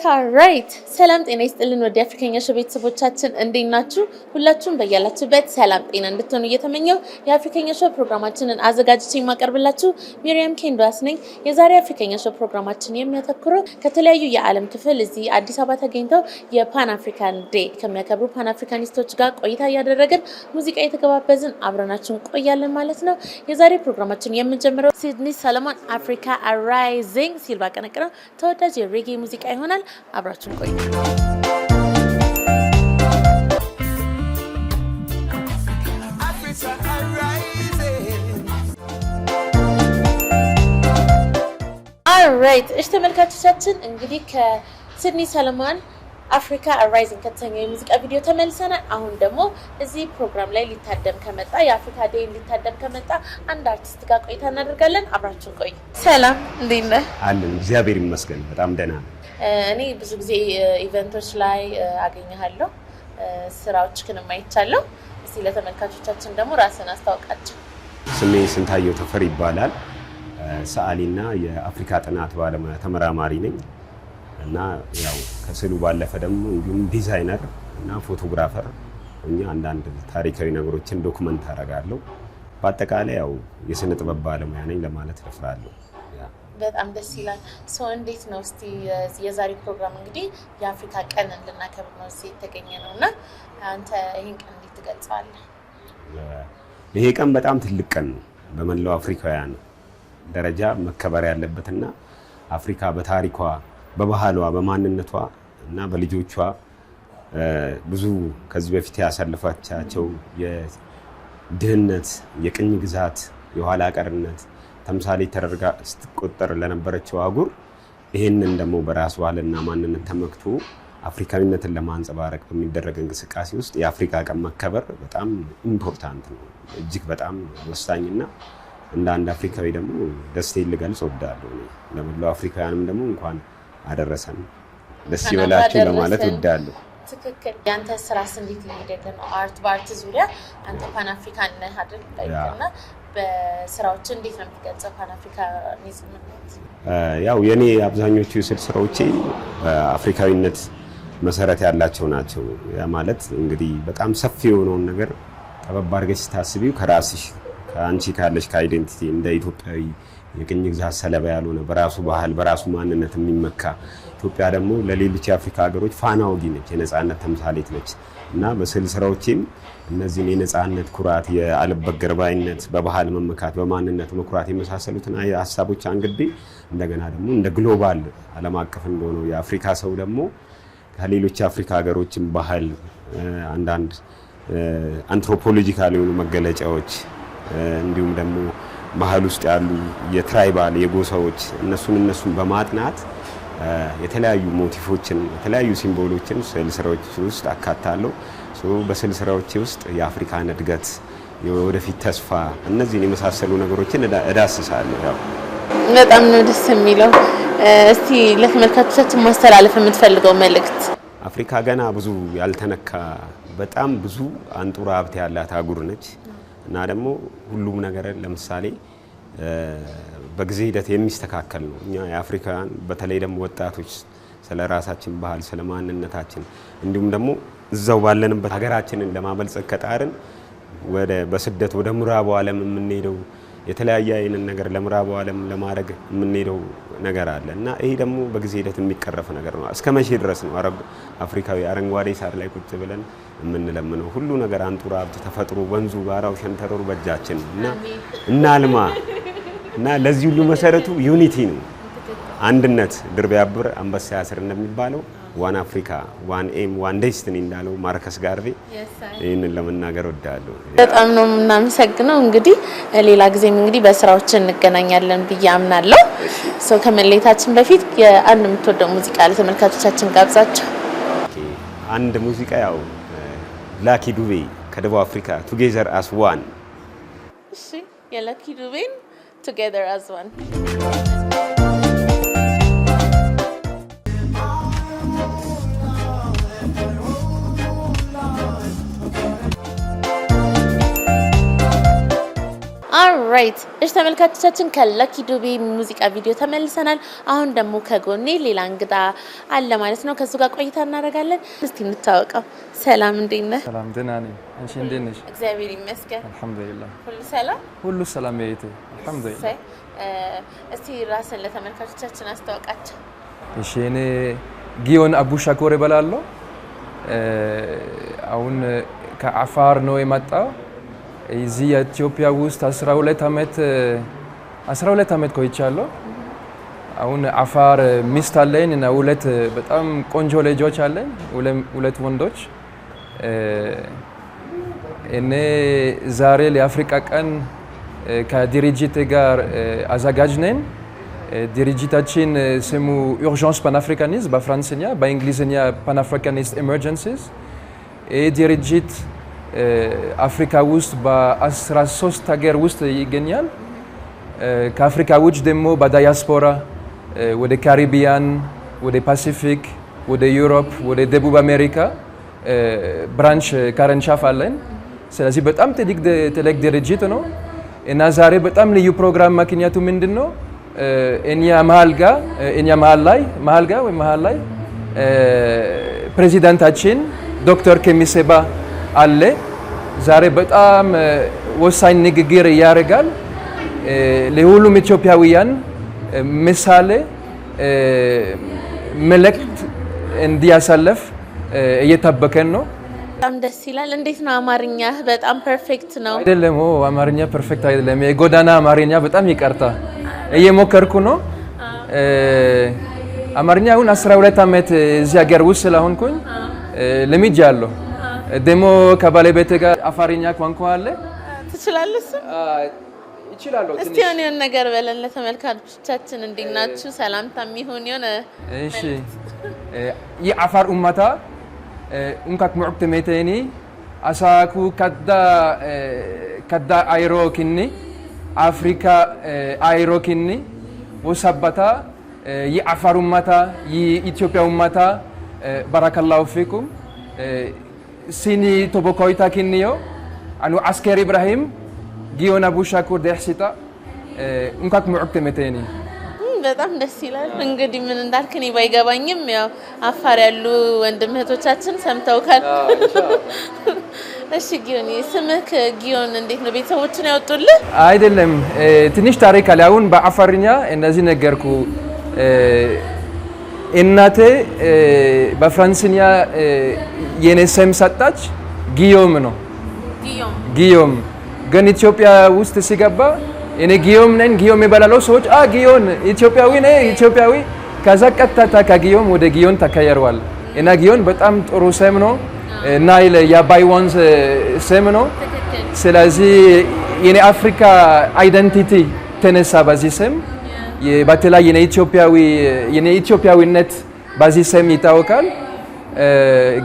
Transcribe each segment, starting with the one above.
አሜሪካ ራይት ሰላም ጤና ይስጥልን። ወደ አፍሪካኛ ሾው ቤተሰቦቻችን እንዴት ናችሁ? ሁላችሁም በያላችሁበት ሰላም ጤና እንድትሆኑ እየተመኘው የአፍሪካኛ ሾው ፕሮግራማችንን አዘጋጅቼ የማቀርብላችሁ ሚሪያም ኬንዶስ ነኝ። የዛሬ አፍሪካኛ ሾው ፕሮግራማችን የሚያተኩረው ከተለያዩ የዓለም ክፍል እዚህ አዲስ አበባ ተገኝተው የፓን አፍሪካን ዴ ከሚያከብሩ ፓን አፍሪካኒስቶች ጋር ቆይታ እያደረግን ሙዚቃ የተገባበዝን አብረናችሁ ቆያለን ማለት ነው። የዛሬ ፕሮግራማችን የምንጀምረው ሲድኒ ሰለሞን አፍሪካ አራይዚንግ ሲል ባቀነቀነው ተወዳጅ የሬጌ ሙዚቃ ይሆናል። አብራችን ቆይ። ኦልራይት እሺ ተመልካቾቻችን እንግዲህ ከሲድኒ ሰለማን አፍሪካ አራይዚንግ ከተሰኘው የሙዚቃ ቪዲዮ ተመልሰናል። አሁን ደግሞ እዚህ ፕሮግራም ላይ ሊታደም ከመጣ የአፍሪካ ዴይ ሊታደም ከመጣ አንድ አርቲስት ጋር ቆይታ እናደርጋለን። አብራችን ቆይ። ሰላም፣ እንዴት ነህ? አለን። እግዚአብሔር ይመስገን በጣም ደህና ነው። እኔ ብዙ ጊዜ ኢቨንቶች ላይ አገኘሃለሁ፣ ክን አይቻለሁ። እስቲ ለተመልካቾቻችን ደግሞ ራስን አስታውቃቸው። ስሜ ስንታየው ተፈሪ ይባላል። ሰዓሊና የአፍሪካ ጥናት ባለሙያ ተመራማሪ ነኝ እና ያው ከስዕሉ ባለፈ ደግሞ እንዲሁም ዲዛይነር እና ፎቶግራፈር እኛ አንዳንድ ታሪካዊ ነገሮችን ዶክመንት አደርጋለሁ። በአጠቃላይ ያው የስነ ጥበብ ባለሙያ ነኝ ለማለት እደፍራለሁ። በጣም ደስ ይላል። ሰው እንዴት ነው እስቲ የዛሬ ፕሮግራም እንግዲህ የአፍሪካ ቀን እንድናከብር ነው እዚህ የተገኘ ነው እና አንተ ይህን ቀን እንዴት ትገልጸዋለህ? ይሄ ቀን በጣም ትልቅ ቀን ነው። በመላው አፍሪካውያን ደረጃ መከበር ያለበትና አፍሪካ በታሪኳ በባህሏ፣ በማንነቷ እና በልጆቿ ብዙ ከዚህ በፊት ያሳለፋቻቸው የድህነት፣ የቅኝ ግዛት፣ የኋላ ቀርነት ተምሳሌ ተደርጋ ስትቆጠር ለነበረችው አህጉር ይህንን ደግሞ በራስ ባህልና ማንነት ተመክቶ አፍሪካዊነትን ለማንጸባረቅ በሚደረግ እንቅስቃሴ ውስጥ የአፍሪካ ቀን መከበር በጣም ኢምፖርታንት ነው። እጅግ በጣም ወሳኝና እንደ አንድ አፍሪካዊ ደግሞ ደስታዬን ልገልጽ እወዳለሁ። ለመላው አፍሪካውያንም ደግሞ እንኳን አደረሰን ደስ ይበላችሁ ለማለት ወዳለሁ። ትክክል። የአንተ ስራ ስንዴት ሄደ ነው? አርት በአርት ዙሪያ አንተ ፓን አፍሪካን ነህ አይደል? በስራዎች እንዴት ነው የሚገልጸው ፓንአፍሪካኒዝም? ያው የኔ አብዛኞቹ የስዕል ስራዎቼ በአፍሪካዊነት መሰረት ያላቸው ናቸው። ያ ማለት እንግዲህ በጣም ሰፊ የሆነውን ነገር ጠበብ አድርገሽ ስታስቢው ከራስሽ ከአንቺ ካለሽ ከአይደንቲቲ እንደ ኢትዮጵያዊ የቅኝ ግዛት ሰለባ ያልሆነ በራሱ ባህል በራሱ ማንነት የሚመካ ኢትዮጵያ ደግሞ ለሌሎች የአፍሪካ ሀገሮች ፋና ወጊ ነች፣ የነፃነት ተምሳሌት ነች። እና በስዕል ስራዎችን እነዚህን የነፃነት ኩራት፣ የአልበገርባይነት፣ በባህል መመካት፣ በማንነት መኩራት የመሳሰሉትን ሀሳቦች አንግቤ እንደገና ደግሞ እንደ ግሎባል ዓለም አቀፍ እንደሆነው የአፍሪካ ሰው ደግሞ ከሌሎች የአፍሪካ ሀገሮችን ባህል አንዳንድ አንትሮፖሎጂካል የሆኑ መገለጫዎች እንዲሁም ደግሞ ባህል ውስጥ ያሉ የትራይባል የጎሳዎች እነሱን እነሱን በማጥናት የተለያዩ ሞቲፎችን የተለያዩ ሲምቦሎችን ስዕል ስራዎች ውስጥ አካታለሁ። በስዕል ስራዎች ውስጥ የአፍሪካን እድገት፣ የወደፊት ተስፋ እነዚህን የመሳሰሉ ነገሮችን እዳስሳለሁ። ያው በጣም ነው ደስ የሚለው። እስቲ ለተመልካቾቻችን ማስተላለፍ የምትፈልገው መልእክት? አፍሪካ ገና ብዙ ያልተነካ በጣም ብዙ አንጡራ ሀብት ያላት አህጉር ነች እና ደግሞ ሁሉም ነገር ለምሳሌ በጊዜ ሂደት የሚስተካከል ነው። እኛ የአፍሪካን በተለይ ደግሞ ወጣቶች ስለ ራሳችን ባህል፣ ስለ ማንነታችን እንዲሁም ደግሞ እዛው ባለንበት ሀገራችንን ለማበልጸግ ከጣርን ወደ በስደት ወደ ምዕራቡ ዓለም የምንሄደው የተለያየ አይነት ነገር ለምዕራቡ ዓለም ለማድረግ የምንሄደው ነገር አለ እና ይሄ ደግሞ በጊዜ ሂደት የሚቀረፍ ነገር ነው። እስከ መቼ ድረስ ነው አረብ አፍሪካዊ አረንጓዴ ሳር ላይ ቁጭ ብለን የምንለምነው? ሁሉ ነገር አንጡራ ሀብት ተፈጥሮ፣ ወንዙ፣ ጋራው፣ ሸንተረሩ በእጃችን እና እናልማ እና ለዚህ ሁሉ መሰረቱ ዩኒቲ ነው፣ አንድነት። ድር ቢያብር አንበሳ ያስር እንደሚባለው ዋን አፍሪካ ዋን ኤም ዋን ዴስቲኒ እንዳለው ማርከስ ጋርቬ ይህንን ለመናገር ወዳለሁ። በጣም ነው የምናመሰግነው። እንግዲህ ሌላ ጊዜም እንግዲህ በስራዎች እንገናኛለን ብዬ አምናለሁ። ሰው ከመለየታችን በፊት የአንድ የምትወደው ሙዚቃ ለተመልካቾቻችን ጋብዛቸው። አንድ ሙዚቃ ያው ላኪ ዱቤ ከደቡብ አፍሪካ ቱጌዘር አስ ዋን። እሺ የላኪ ዱቤን together as one. አራይት እሺ ተመልካቾቻችን ከለኪ ዱቤ ሙዚቃ ቪዲዮ ተመልሰናል። አሁን ደግሞ ከጎኔ ሌላ እንግዳ አለ ማለት ነው። ከሱ ጋር ቆይታ እናደርጋለን። እስቲ እንታወቀው። ሰላም፣ እንዴት ነህ? ሰላም፣ ደህና ነኝ። አንቺ እንዴት ነሽ? እግዚአብሔር ይመስገን፣ አልሐምዱሊላህ። ሁሉ ሰላም፣ ሁሉ ሰላም። ያይቴ አልሐምዱሊላህ። እስቲ ራስን ለተመልካቾቻችን አስተዋውቃቸው። እሺ፣ እኔ ጊዮን አቡ ሻኮር እባላለሁ። አሁን ከአፋር ነው የመጣው እዚህ የኢትዮጵያ ውስጥ 12 ዓመት 12 ዓመት ቆይቻለሁ። አሁን አፋር ሚስት አለኝ እና ሁለት በጣም ቆንጆ ልጆች አለኝ፣ ሁለት ወንዶች። እኔ ዛሬ ለአፍሪካ ቀን ከድርጅት ጋር አዘጋጅ ነን። ድርጅታችን ስሙ ኡርጀንስ ፓንአፍሪካኒስት በፍራንስኛ፣ በእንግሊዝኛ ፓንአፍሪካኒስት ኤመርጀንሲስ። ይህ ድርጅት አፍሪካ ውስጥ በ13 ሀገር ውስጥ ይገኛል። ከአፍሪካ ውጭ ደግሞ በዳያስፖራ ወደ ካሪቢያን፣ ወደ ፓሲፊክ፣ ወደ ዩሮፕ፣ ወደ ደቡብ አሜሪካ ብራንች ካረንሻፍ አለን። ስለዚህ በጣም ትልቅ ድርጅት ነው እና ዛሬ በጣም ልዩ ፕሮግራም ምክንያቱ ምንድን ነው? እኛ መሀል ጋ እኛ መሀል ላይ መሀል ጋ ወይ መሀል ላይ ፕሬዚዳንታችን ዶክተር ኬሚሴባ አለ። ዛሬ በጣም ወሳኝ ንግግር ያደርጋል። ለሁሉም ኢትዮጵያውያን ምሳሌ መልእክት እንዲያሳለፍ እየጠበቀን ነው። በጣም ደስ ይላል። እንዴት ነው አማርኛ? በጣም ፐርፌክት ነው አይደለም? አማርኛ ፐርፌክት አይደለም። የጎዳና አማርኛ በጣም ይቀርታ እየሞከርኩ ነው። አማርኛ አሁን 12 ዓመት እዚህ ሀገር ውስጥ ስለሆንኩኝ ልምጃ አለሁ። ደግሞ ከባለቤት ጋር አፋርኛ ቋንቋ አለ ትችላለህ? እችላለሁ። እስቲ የሆነ ነገር በለን ለተመልካቾቻችን። እንዴት ናችሁ? ሰላምታ የሚሆን የሆነ እሺ። የአፋር ኡማታ ኡንካክ ሙዕብት ሜቴኒ አሳኩ ከዳ አይሮ ኪኒ አፍሪካ አይሮ ኪኒ ወሰበታ የአፋር ኡማታ የኢትዮጵያ ኡማታ ባረከላሁ ፊኩም sini koita kinniyo anu asker ibrahim ጊዮና ቡሻኩ ደህሲጣ እንኳን ሙዕቅ ተመተኒ በጣም ደስ ይላል። እንግዲህ ምን እንዳልክ እኔ ባይገባኝም ያው አፋር ያሉ ወንድም እህቶቻችን ሰምተውካል። እሺ ጊዮን፣ ስምህ ጊዮን እንዴት ነው? ቤተሰቦችን ያወጡልህ አይደለም? ትንሽ ታሪክ አለ። አሁን በአፋርኛ እነዚህ ነገርኩ እናቴ በፍራንስኛ የኔ ስም ሰጣች፣ ጊዮም ነው ጊዮም። ግን ኢትዮጵያ ውስጥ ሲገባ እኔ ጊዮም ነኝ ጊዮም ይባላለው ሰዎች አ ጊዮን ኢትዮጵያዊ ነኝ ኢትዮጵያዊ። ከዛ ቀጥታ ከጊዮም ወደ ጊዮን ተቀየረዋል። እና ጊዮን በጣም ጥሩ ስም ነው እና የአባይ ወንዝ ስም ነው። ስለዚህ የኔ አፍሪካ አይደንቲቲ ተነሳ በዚህ ስም በተለይ የኔ ኢትዮጵያዊነት በዚህ ስም ይታወቃል።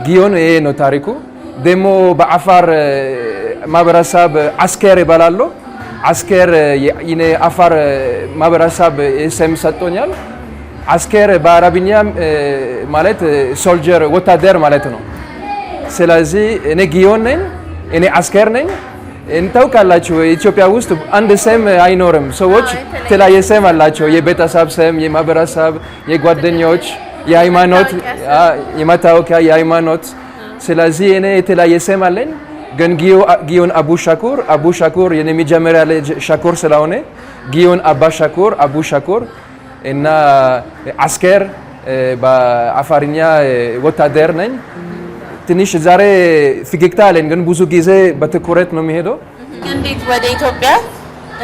ጊዮን ይሄ ነው ታሪኩ። ደግሞ በአፋር ማህበረሰብ አስኬር እባላለሁ። አስኬር የኔ አፋር ማህበረሰብ ስም ሰጥቶኛል። አስኬር በአረብኛ ማለት ሶልጀር ወታደር ማለት ነው። ስለዚህ እኔ ጊዮን ነኝ፣ እኔ አስኬር ነኝ። እንታውቃላችሁ ኢትዮጵያ ውስጥ አንድ ስም አይኖርም። ሰዎች የተለያየ ስም አላቸው። የቤተሰብ ስም፣ የማህበረሰብ፣ የጓደኞች፣ የሃይማኖት፣ የመታወቂያ፣ የሃይማኖት። ስለዚህ እኔ የተለያየ ስም አለኝ፣ ግን ጊዮን አቡ ሻኩር አቡ ሻኩር የኔ መጀመሪያ ልጅ ሻኩር ስለሆነ ጊዮን አባ ሻኩር አቡ ሻኩር እና አስከር በአፋርኛ ወታደር ነኝ። ትንሽ ዛሬ ፈገግታ አለን፣ ግን ብዙ ጊዜ በትኩረት ነው የሚሄደው። እንዴት ወደ ኢትዮጵያ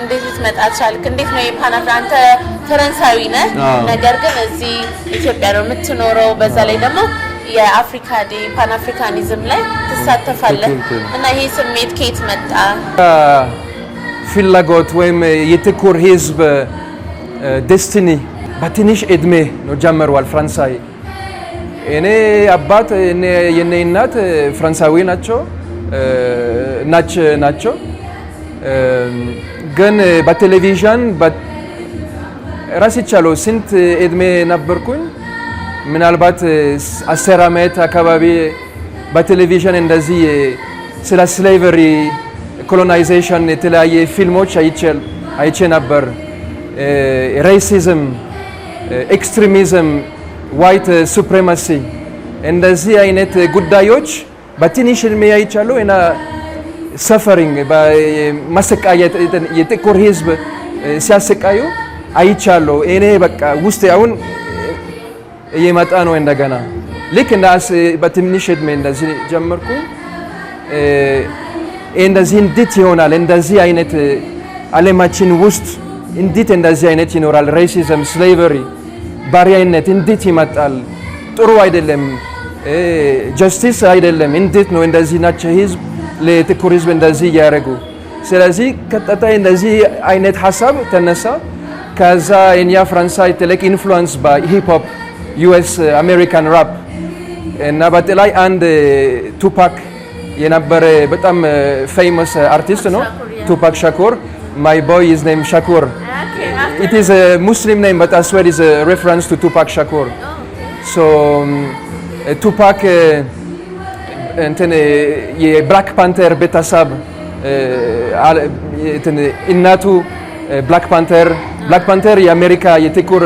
እንዴት ልትመጣ ቻልክ? እንዴት ነው የፓናፍ አንተ ፈረንሳዊ ነህ፣ ነገር ግን እዚህ ኢትዮጵያ ነው የምትኖረው። በዛ ላይ ደግሞ የአፍሪካ ዴ ፓን አፍሪካኒዝም ላይ ትሳተፋለህ እና ይሄ ስሜት ከየት መጣ? ፍላጎት ወይም የትኩር ህዝብ ደስትኒ በትንሽ እድሜ ነው ጀመረዋል ፈረንሳይ እኔ አባት የኔ እናት ፈረንሳዊ ናቸው ናች ናቸው ግን በቴሌቪዥን ራስ ስንት እድሜ ነበርኩኝ? ምናልባት አስር ዓመት አካባቢ በቴሌቪዥን እንደዚህ ስለ ስሌቨሪ ኮሎናይዜሽን የተለያየ ፊልሞች አይቼ ነበር። ሬሲዝም፣ ኤክስትሪሚዝም ዋይት ሱፕሬማሲ እንደዚህ አይነት ጉዳዮች በትንሽ እድሜ አይቻሉ እና ሰፈሪንግ ማሰቃየት የጥቁር ህዝብ ሲያሰቃዩ አይቻለሁ እኔ በቃ ውስጥ አሁን እየመጣ ነው እንደገና ልክ እንዳስ በትንሽ እድሜ እንደዚህ ጀመርኩ። እንደዚህ እንዴት ይሆናል? እንደዚህ አይነት አለማችን ውስጥ እንዴት እንደዚህ አይነት ይኖራል? ሬሲዝም ስሌቨሪ ባሪያነት እንዴት ይመጣል? ጥሩ አይደለም፣ ጀስቲስ አይደለም። እንዴት ነው እንደዚህ ናቸው ህዝብ ለጥቁር ህዝብ እንደዚህ እያደረጉ። ስለዚህ ቀጥታ እንደዚህ አይነት ሀሳብ ተነሳ። ከዛ የኛ ፈረንሳይ ትልቅ ኢንፍሉዌንስ በሂፕሆፕ ዩኤስ አሜሪካን ራፕ እና ላይ አንድ ቱፓክ የነበረ በጣም ፌመስ አርቲስት ነው ቱፓክ ሻኩር ማይ ቦይ ኢዝ ኔም ሻኩር It is a Muslim name, but as well is a reference to Tupac Shakur. Oh, okay. So um, uh, Tupac uh, ten je Black Panther Beta Sab, ten uh, Black Panther Black Panther America, America, we, and የአሜሪካ የጥቁር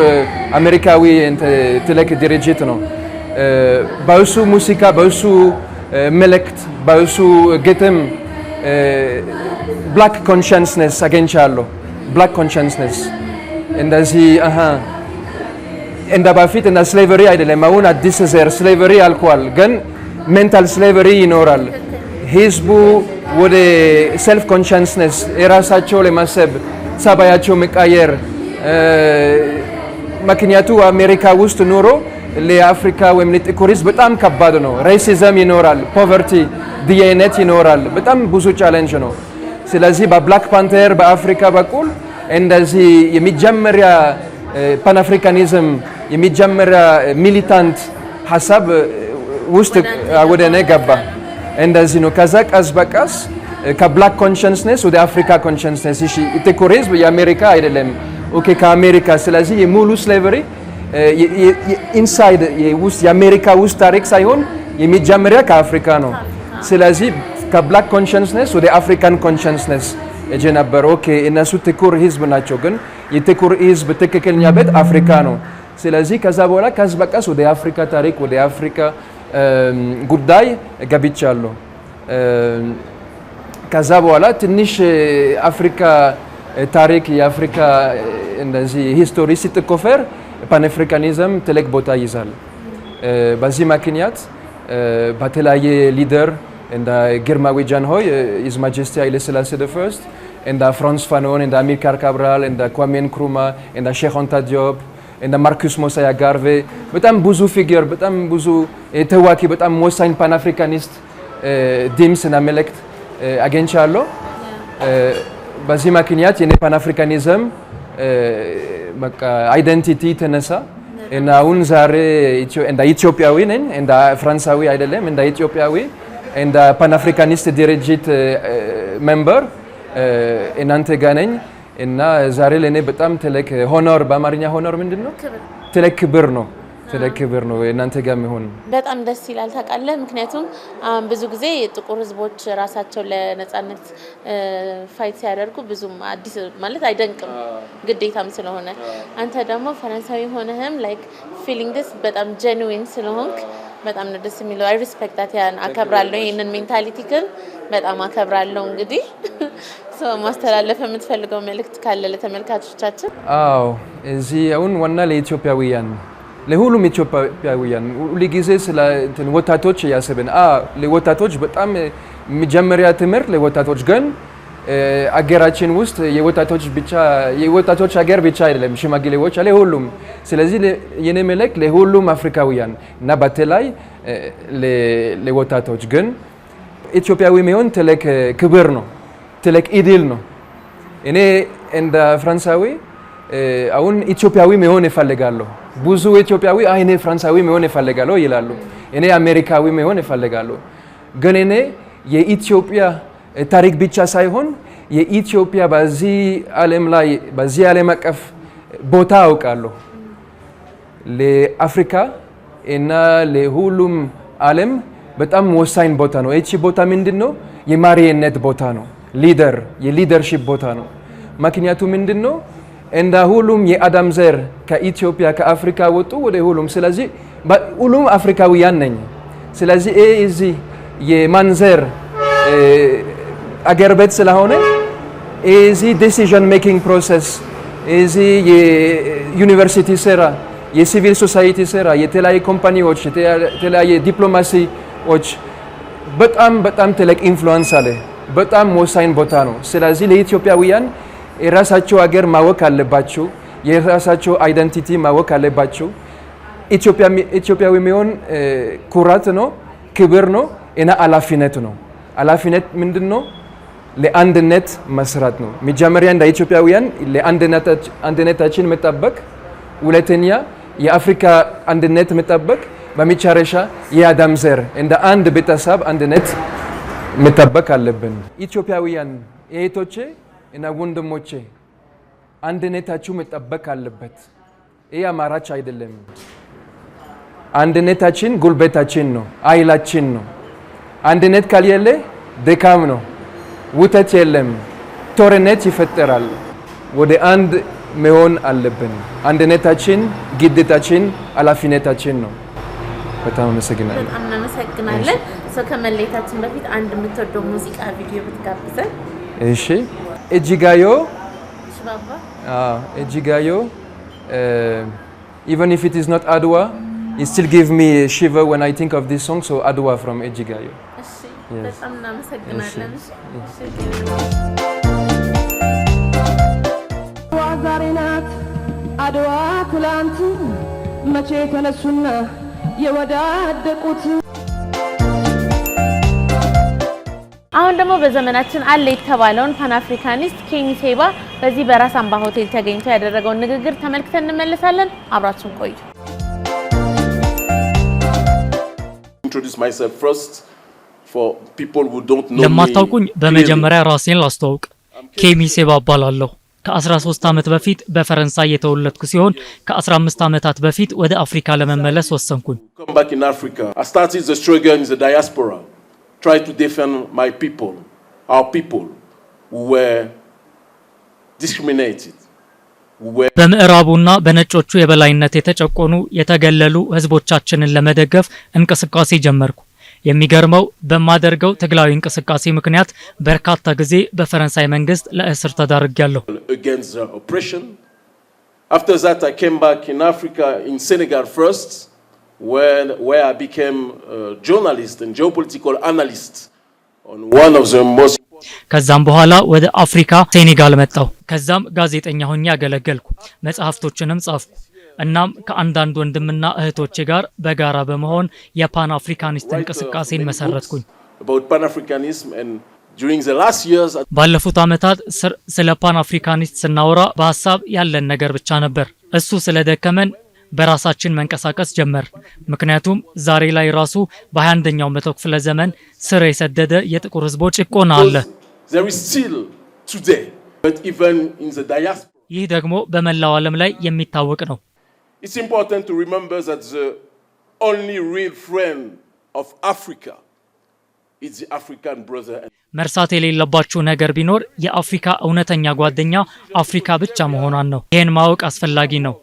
አሜሪካዊ ትልቅ Bausu ነው። በእሱ ሙዚቃ፣ በእሱ መልእክት፣ በእሱ ግጥም ብላክ ኮንሽንስነስ አገኝቻለሁ። ብላክ ኮንሽንስነስ እንደዚህ እንደ በፊት እንደ ስሌቨሪ አይደለም። አሁን አዲስ ዘር ስሌቨሪ አልኳል፣ ግን ሜንታል ስሌቨሪ ይኖራል። ህዝቡ ወደ ሴልፍ ኮንሽንስነስ የራሳቸው ለማሰብ ሰባያቸው መቃየር ምክንያቱ አሜሪካ ውስጥ ኑሮ ለአፍሪካ ወይም ለጥቁር ህዝብ በጣም ከባድ ነው። ሬሲዝም ይኖራል፣ ፖቨርቲ ድህነት ይኖራል። በጣም ብዙ ቻለንጅ ነው። ስለዚህ በብላክ ፓንተር በአፍሪካ በኩል እንደዚህ የመጀመሪያ አፍሪካኒዝም የመጀመሪያ ሚሊታንት ሀሳብ ውስጥ ወደ እኔ ገባ። እንደዚህ ነው። ከዛ ቀስ በቀስ ከብላክ ኮንሽንስነስ ወደ አፍሪካ ኮንሽንስነስ። እሺ ኢቴኮሪዝም የአሜሪካ አይደለም፣ ኦኬ ከአሜሪካ። ስለዚህ የሙሉ ስሌቨሪ ኢንሳይድ ውስጥ የአሜሪካ ውስጥ ታሪክ ሳይሆን የመጀመሪያ ከአፍሪካ ነው። ስለዚህ ከብላክ ኮንሽንስነስ ወደ አፍሪካን ኮንሽንስነስ እጄ ነበር። ኦኬ እነሱ ጥቁር ህዝብ ናቸው፣ ግን የጥቁር ህዝብ ትክክለኛ ቤት አፍሪካ ነው። ስለዚህ ከዛ በኋላ ቀስ በቀስ ወደ አፍሪካ ታሪክ ወደ አፍሪካ ጉዳይ ገብቻለሁ። ከዛ በኋላ ትንሽ አፍሪካ ታሪክ የአፍሪካ እንደዚህ ሂስቶሪ ስትቆፈር ፓንአፍሪካኒዝም ትልቅ ቦታ ይዛል። በዚህ ምክንያት በተለያየ ሊደር እንደ ግርማ ዊጃንሆይ ሂዝ ማጀስቲ ኃይለ ስላሴ ደ ፈርስት እንደ ፍራንስ ፋኖን እንደ አሚልካር ካብራል እንደ ኳሜ ንክሩማ እንደ ሼክ ኦንታ እንደ ማርኩስ ሞሳያ ጋርቬ በጣም ብዙ ፊግር በጣም ብዙ ታዋቂ በጣም ወሳኝ ፓን አፍሪካኒስት ድምፅ እና መልእክት በዚህ ምክንያት የኔ ፓንአፍሪካኒዝም አይደንቲቲ ተነሳ እና አሁን ዛሬ እንደ ኢትዮጵያዊ ነኝ፣ እንደ ፍራንሳዊ አይደለም፣ እንደ ኢትዮጵያዊ እንደ ፓንአፍሪካኒስት ድርጅት ሜምበር እናንተ ጋ ነኝ እና ዛሬ ለእኔ በጣም ትልቅ ሆኖር በአማርኛ ሆኖር ምንድን ነው? ትልቅ ክብር ነው። ትልቅ ክብር ነው እናንተ ጋር የሚሆን በጣም ደስ ይላል። ታውቃለህ፣ ምክንያቱም ብዙ ጊዜ ጥቁር ህዝቦች ራሳቸው ለነጻነት ፋይት ሲያደርጉ ብዙም አዲስ ማለት አይደንቅም ግዴታም ስለሆነ አንተ ደግሞ ፈረንሳዊ ሆነህም ላይክ ፊሊንግስ በጣም ጀንዊን ስለሆንክ በጣም ነው ደስ የሚለው። አይ ሪስፔክት ሪስፔክታት ያን አከብራለሁ። ይሄንን ሜንታሊቲ ግን በጣም አከብራለሁ። እንግዲህ ማስተላለፍ የምትፈልገው መልእክት ካለ ለተመልካቾቻችን? አዎ እዚህ አሁን ዋና ለኢትዮጵያውያን ለሁሉም ኢትዮጵያውያን ሁሉ ጊዜ ስለ ወጣቶች እያስብን ወጣቶች በጣም መጀመሪያ ትምህርት ለወጣቶች ግን አገራችን ውስጥ የወጣቶች ብቻ የወጣቶች ሀገር ብቻ አይደለም፣ ሽማግሌዎች አለ ሁሉም። ስለዚህ የኔ መልእክት ለሁሉም አፍሪካውያን እና በተለይ ለወጣቶች ግን ኢትዮጵያዊ መሆን ትልቅ ክብር ነው፣ ትልቅ ኢድል ነው። እኔ እንደ ፈረንሳዊ አሁን ኢትዮጵያዊ መሆን እፈልጋለሁ። ብዙ ኢትዮጵያዊ አይኔ እኔ ፈረንሳዊ መሆን እፈልጋለሁ ይላሉ። እኔ አሜሪካዊ መሆን እፈልጋለሁ። ግን እኔ የኢትዮጵያ ታሪክ ብቻ ሳይሆን የኢትዮጵያ በዚህ ዓለም ላይ በዚህ ዓለም አቀፍ ቦታ አውቃለሁ። ለአፍሪካ እና ለሁሉም ዓለም በጣም ወሳኝ ቦታ ነው። ይቺ ቦታ ምንድን ነው? የማሪነት ቦታ ነው። ሊደር የሊደርሺፕ ቦታ ነው። ምክንያቱ ምንድን ነው? እንደ ሁሉም የአዳም ዘር ከኢትዮጵያ ከአፍሪካ ወጡ ወደ ሁሉም። ስለዚህ ሁሉም አፍሪካዊ ያን ነኝ። ስለዚህ ይህ የማን የማንዘር አገር ቤት ስለሆነ የዚህ ዲሲዥን ሜኪንግ ፕሮሰስ የዚህ የዩኒቨርሲቲ ስራ፣ የሲቪል ሶሳይቲ ስራ፣ የተለያዩ ኮምፓኒዎች፣ የተለያየ ዲፕሎማሲዎች በጣም በጣም ትልቅ ኢንፍሉዌንስ አለ። በጣም ወሳኝ ቦታ ነው። ስለዚህ ለኢትዮጵያውያን የራሳቸው ሀገር ማወቅ አለባቸው። የራሳቸው አይደንቲቲ ማወቅ አለባቸው። ኢትዮጵያዊ የሚሆን ኩራት ነው፣ ክብር ነው እና አላፊነት ነው። አላፊነት ምንድን ነው? ለአንድነት መስራት ነው። መጀመሪያ እንደ ኢትዮጵያውያን ለአንድነታችን መጠበቅ፣ ሁለተኛ የአፍሪካ አንድነት መጠበቅ፣ በመጨረሻ የአዳም ዘር እንደ አንድ ቤተሰብ አንድነት መጠበቅ አለብን። ኢትዮጵያውያን እህቶቼ እና ወንድሞቼ አንድነታችሁ መጠበቅ አለበት። ይህ አማራጭ አይደለም። አንድነታችን ጉልበታችን ነው፣ ኃይላችን ነው። አንድነት ከሌለ ድካም ነው። ውተት የለም። ጦርነት ይፈጠራል። ወደ አንድ መሆን አለብን። አንድነታችን ግዴታችን፣ ኃላፊነታችን ነው። በጣም አመሰግናለሁ። በጣም ሰው ከመለየታችን በፊት አንድ የምትወደው ሙዚቃ ቪዲዮ ብትጋብዘን። እሺ። እጅጋዮ እጅጋዮ ኢቨን ኢፍ ኢት ኢዝ ኖት አድዋ ዩ ስቲል ጊቭ ሚ ሺቨር ወን አይ ቲንክ ኦፍ ዲስ ሶንግ ሶ አድዋ ፍሮም እጅጋዮ በጣም እናመሰግናለን። አድዋ ዛሬ ናት፣ አድዋ ትላንት፣ መቼ ተነሱና የወዳደቁት አሁን ደግሞ በዘመናችን አለ የተባለውን ፓን አፍሪካኒስት ኬኒ ሴባ በዚህ በራስ አምባ ሆቴል ተገኝቶ ያደረገውን ንግግር ተመልክተን እንመለሳለን። አብራችን ቆዩ። ለማታውቁኝ በመጀመሪያ ራሴን ላስተዋውቅ። ኬሚ ሴባ ከ ከ13 ዓመት በፊት በፈረንሳይ የተወለድኩ ሲሆን ከ15 ዓመታት በፊት ወደ አፍሪካ ለመመለስ ወሰንኩኝ። በምዕራቡና በነጮቹ የበላይነት የተጨቆኑ የተገለሉ ህዝቦቻችንን ለመደገፍ እንቅስቃሴ ጀመርኩ። የሚገርመው በማደርገው ትግላዊ እንቅስቃሴ ምክንያት በርካታ ጊዜ በፈረንሳይ መንግስት ለእስር ተዳርጌያለሁ። ከዛም በኋላ ወደ አፍሪካ ሴኔጋል መጣሁ። ከዛም ጋዜጠኛ ሆኜ ያገለገልኩ፣ መጽሐፍቶችንም ጻፍኩ። እናም ከአንዳንድ ወንድምና እህቶቼ ጋር በጋራ በመሆን የፓን አፍሪካኒስት uh, እንቅስቃሴን መሰረትኩኝ። uh, ባለፉት ዓመታት ስለ ፓን አፍሪካኒስት ስናወራ በሀሳብ ያለን ነገር ብቻ ነበር። እሱ ስለደከመን በራሳችን መንቀሳቀስ ጀመር። ምክንያቱም ዛሬ ላይ ራሱ በ21ኛው መቶ ክፍለ ዘመን ስር የሰደደ የጥቁር ህዝቦ ጭቆና አለ። ይህ ደግሞ በመላው ዓለም ላይ የሚታወቅ ነው። It's important to remember that the only real friend of Africa is the African brother. መርሳት የሌለባችሁ ነገር ቢኖር የአፍሪካ እውነተኛ ጓደኛ አፍሪካ ብቻ መሆኗን ነው። ይህን ማወቅ አስፈላጊ ነው።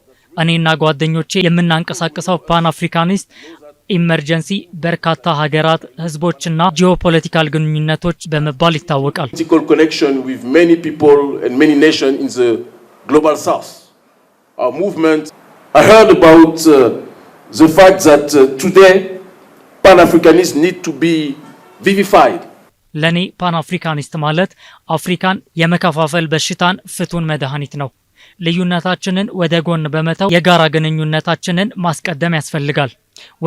እኔና ጓደኞቼ የምናንቀሳቀሰው ፓን አፍሪካኒስት ኢመርጀንሲ በርካታ ሀገራት ህዝቦችና ጂኦፖለቲካል ግንኙነቶች በመባል ይታወቃል። ግሎባል ሙቭመንት I heard about uh, the fact that uh, today Pan-Africanists need to be vivified. ለእኔ ፓን አፍሪካኒስት ማለት አፍሪካን የመከፋፈል በሽታን ፍቱን መድኃኒት ነው። ልዩነታችንን ወደ ጎን በመተው የጋራ ግንኙነታችንን ማስቀደም ያስፈልጋል።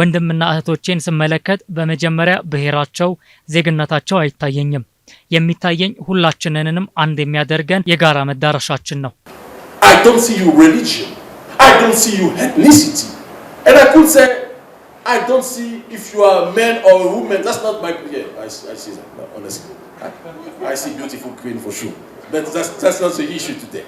ወንድምና እህቶቼን ስመለከት በመጀመሪያ ብሔራቸው፣ ዜግነታቸው አይታየኝም። የሚታየኝ ሁላችንንም አንድ የሚያደርገን የጋራ መዳረሻችን ነው። I don't see your ethnicity. And I could say, I don't see if you are a man or a woman. That's not my. Yeah, I, I see that, honestly. I, I see beautiful queen for sure. But that's, that's not the issue today.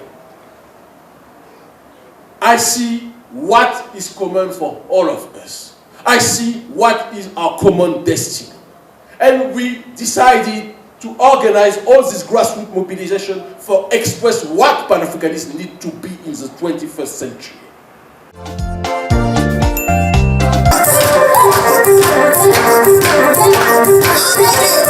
I see what is common for all of us. I see what is our common destiny. And we decided to organize all this grassroots mobilization for express what Pan-Africanists need to be in the 21st century. Yeah.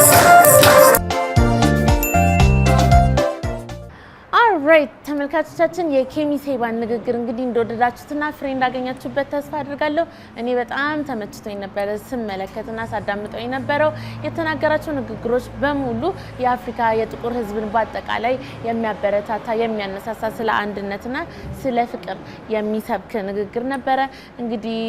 ተመልካቾቻችን የኬሚ ሴባን ንግግር እንግዲህ እንደወደዳችሁትና ፍሬ እንዳገኛችሁበት ተስፋ አድርጋለሁ። እኔ በጣም ተመችቶኝ ነበረ ስመለከትና ሳዳምጠው የነበረው የተናገራቸው ንግግሮች በሙሉ የአፍሪካ የጥቁር ሕዝብን በአጠቃላይ የሚያበረታታ የሚያነሳሳ፣ ስለ አንድነትና ስለ ፍቅር የሚሰብክ ንግግር ነበረ። እንግዲህ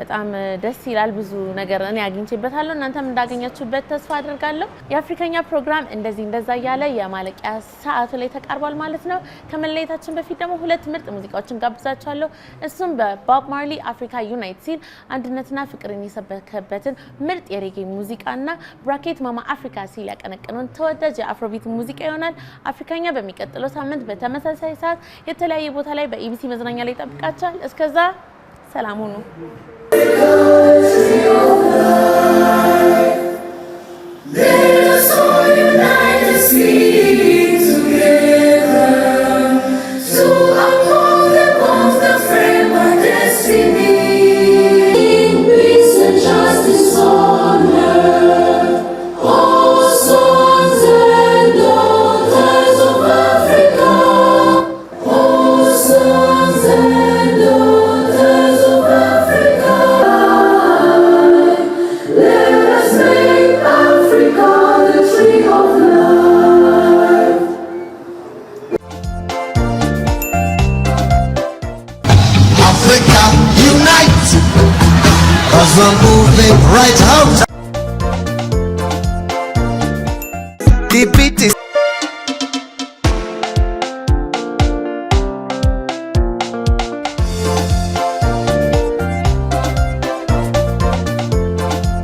በጣም ደስ ይላል። ብዙ ነገር እኔ አግኝቼበታለሁ። እናንተም እንዳገኛችሁበት ተስፋ አድርጋለሁ። የአፍሪከኛ ፕሮግራም እንደዚህ እንደዛ እያለ የማለቂያ ሰዓቱ ላይ ተቃርቧል ማለት ነው ከመለ ከመለየታችን በፊት ደግሞ ሁለት ምርጥ ሙዚቃዎችን ጋብዛችኋለሁ። እሱም በቦብ ማርሊ አፍሪካ ዩናይት ሲል አንድነትና ፍቅርን የሰበከበትን ምርጥ የሬጌ ሙዚቃና ብራኬት ማማ አፍሪካ ሲል ያቀነቀነውን ተወዳጅ የአፍሮቢት ሙዚቃ ይሆናል። አፍሪካኛ በሚቀጥለው ሳምንት በተመሳሳይ ሰዓት የተለያየ ቦታ ላይ በኢቢሲ መዝናኛ ላይ ይጠብቃችኋል። እስከዛ ሰላም ሁኑ።